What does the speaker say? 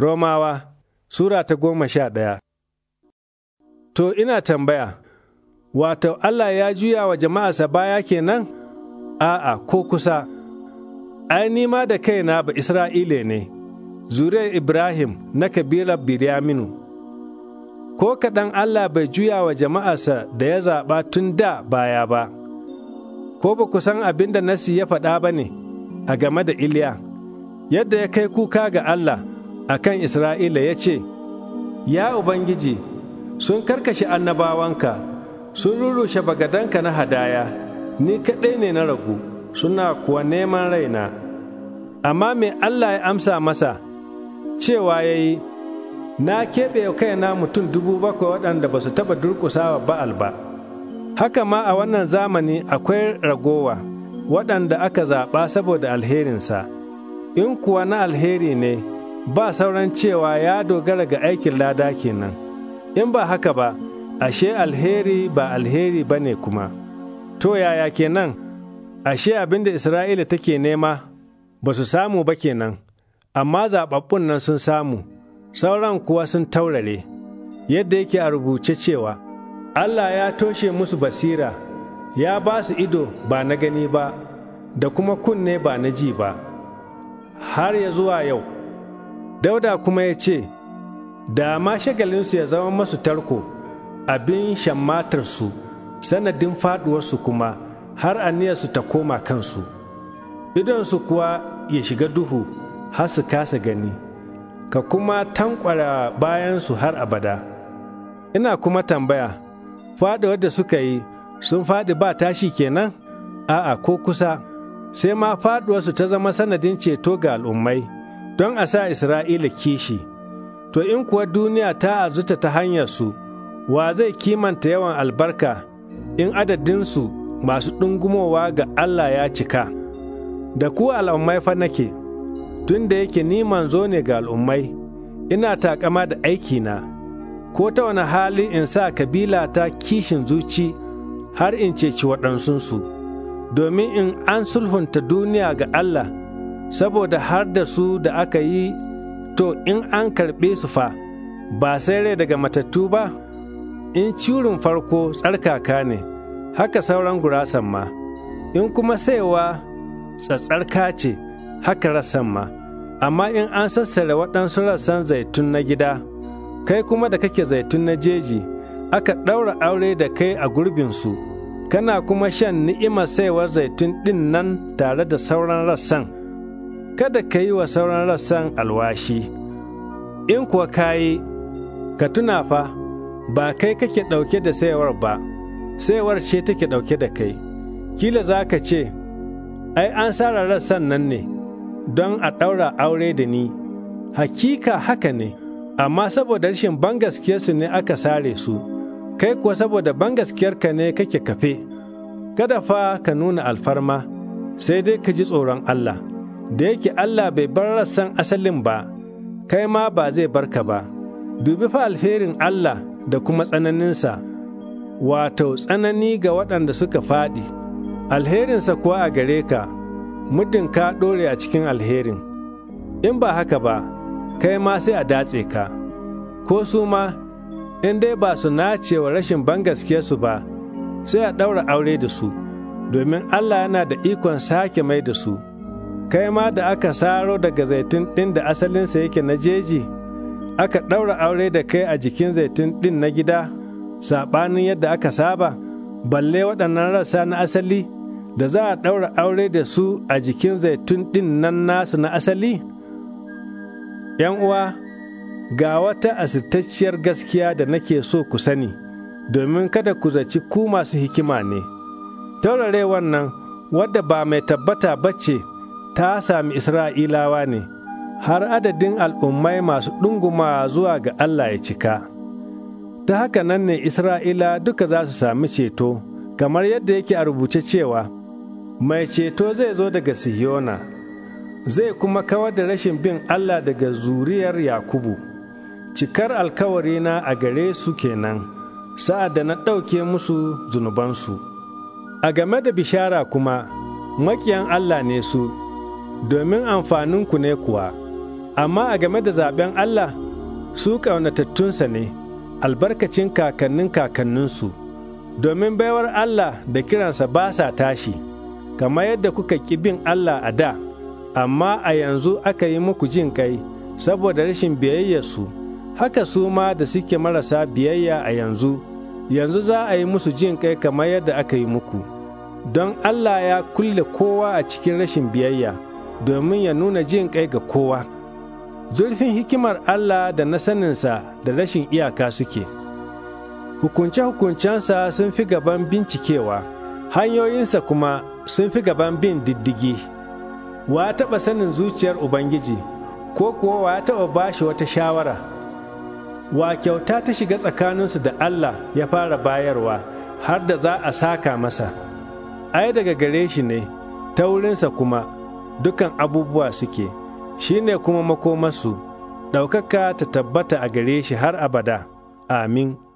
Romawa Sura ta goma sha ɗaya To ina tambaya, wato Allah ya juya wa jama'arsa baya kenan? A'a ko kusa, ai nima ma da kaina ba Isra'ile ne, zuriyar Ibrahim na kabilar Biryaminu. Ko kaɗan Allah bai juya wa jama'arsa da ya zaɓa tun da baya ba, ko ba ku san abin da Nasi ya faɗa ba ne a game da Iliya, yadda ya kai kuka ga Allah. a kan Isra'ila ya ce, Ya Ubangiji, sun karkashe annabawanka, sun rurushe bagadanka na hadaya, ni kaɗai ne na ragu, suna kuwa neman raina. Amma me Allah ya amsa masa, cewa ya yi, Na keɓe kaina mutum dubu bakwai waɗanda ba su taɓa durƙusawa ba'al ba. Haka ma a wannan zamani akwai ragowa waɗanda aka zaɓa saboda alherinsa, in kuwa na alheri ne. ba sauran cewa ya dogara ga aikin lada kenan in ba haka ba ashe alheri ba alheri ba ne kuma to yaya kenan ashe abin da isra'ila take nema ba su samu ba kenan amma zaɓaɓɓun nan sun samu sauran kuwa sun taurare yadda yake a rubuce cewa allah ya toshe musu basira ya ba su ido ba na gani ba da kuma kunne ba na ji ba har ya zuwa yau Dauda kuma ya ce, Da ma shagalinsu ya zama masu tarko, abin shammatarsu, sanadin faɗuwarsu kuma har aniyarsu ta koma kansu. Idonsu kuwa ya shiga duhu har su kasa gani, ka kuma tankwara bayansu har abada. Ina kuma tambaya, faɗuwar da suka yi sun faɗi ba tashi kenan? A'a ko kusa, sai ma faɗuwarsu ta zama sanadin ceto ga al'ummai. don a sa Isra'ila kishi, to in kuwa duniya ta azuta ta hanyarsu, wa zai kimanta yawan albarka in adadinsu masu ɗungumowa ga Allah ya cika. Da ku al'ummai fa nake, tun da yake ni manzo ne ga al'ummai, ina taƙama da aikina, ko ta wani hali in sa kabila ta kishin zuci har in ceci waɗansunsu, domin in an sulhunta duniya ga Allah. saboda har da su da aka yi to in an karɓe su fa ba sai rai daga matattu ba in cirin farko tsarkaka ne haka sauran gurasan ma in kuma saiwa tsatsarka ce haka rassan ma amma in an sassare waɗansu rassan zaitun na gida kai kuma da kake zaitun na jeji aka ɗaura aure da kai a gurbinsu kana kuma shan ni'imar saiwar zaitun ɗin nan tare da sauran rassan kada ka yi wa sauran rassan alwashi, in kuwa ka yi, ka tuna fa ba kai kake ɗauke da sayawar ba, sayawar ce take ɗauke da kai, kila za ka ce, ai an sara rassan nan ne, don a ɗaura aure da ni, hakika haka ne, amma saboda rashin bangaskiyarsu ne aka sare su, kai kuwa saboda bangaskiyarka ne kake kafe, kada fa ka nuna alfarma, sai dai ka ji tsoron Allah. da yake Allah bai bar rassan asalin ba, kai ma ba zai barka ba. Dubi fa alherin Allah da kuma tsananinsa, wato tsanani ga waɗanda suka faɗi, alherinsa kuwa a gare ka, muddin ka ɗore a cikin alherin. In ba haka ba, kai ma sai a datse ka, ko su ma, in dai ba su nacewa rashin ban su ba, sai a ɗaura aure da su, domin Allah yana da ikon sake mai da su. kai ma da aka saro daga zaitun ɗin da asalinsa yake na jeji, aka ɗaura aure da kai a jikin zaitun ɗin na gida, saɓanin yadda aka saba, balle waɗannan rasa na asali, da za a ɗaura aure da su a jikin zaitun ɗin nan nasu na asali? ‘Yan uwa, ga wata asirtacciyar gaskiya da nake so ku sani, domin kada ku zaci ku masu hikima ne. Taurare wannan, wadda ba mai tabbata bace ta sami Isra'ilawa ne, har adadin al'ummai masu ɗunguma zuwa ga Allah ya cika. Ta haka nan ne Isra'ila duka za su sami ceto, kamar yadda yake a rubuce cewa, Mai ceto zai zo daga Sihiyona, zai kuma kawar da rashin bin Allah daga zuriyar Yakubu. Cikar na a gare su kenan, sa'ad da na ɗauke musu zunubansu. A game da bishara kuma, maƙiyan Allah ne su. domin amfaninku ne kuwa, amma a game da zaben Allah su ƙaunatattunsa ne, albarkacin kakannin kakanninsu, domin baiwar Allah da kiransa ba sa tashi, kamar yadda kuka ƙi bin Allah a da, amma a yanzu aka yi muku jin kai saboda rashin biyayyarsu, haka su ma da suke marasa biyayya a yanzu, yanzu za a yi musu jin kai kamar yadda aka yi muku. Don Allah ya kulle kowa a cikin rashin biyayya. domin ya nuna jin kai ga kowa. Zurfin hikimar Allah da na saninsa da rashin iyaka suke. Hukunce-hukuncensa sun fi gaban bincikewa, hanyoyinsa kuma sun fi gaban bin diddigi. Wa taɓa sanin zuciyar Ubangiji, ko kuwa wa taɓa ba shi wata shawara. Wa kyauta ta shiga tsakaninsu da Allah ya fara bayarwa, har da za a saka masa. Ai daga gare shi ne, ta wurinsa kuma. dukan abubuwa suke, shi ne kuma makomarsu, ɗaukaka ta tabbata a gare shi har abada, amin.